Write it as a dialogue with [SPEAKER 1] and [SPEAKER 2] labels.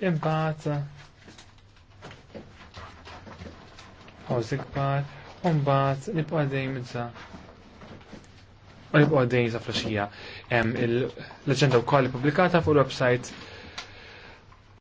[SPEAKER 1] imbagħad ħawż ikbar u mbagħad nibqa' dejjem iżda
[SPEAKER 2] u nibqa' dejjem sa flaxija. L-aġenda wkoll publikata fuq il-website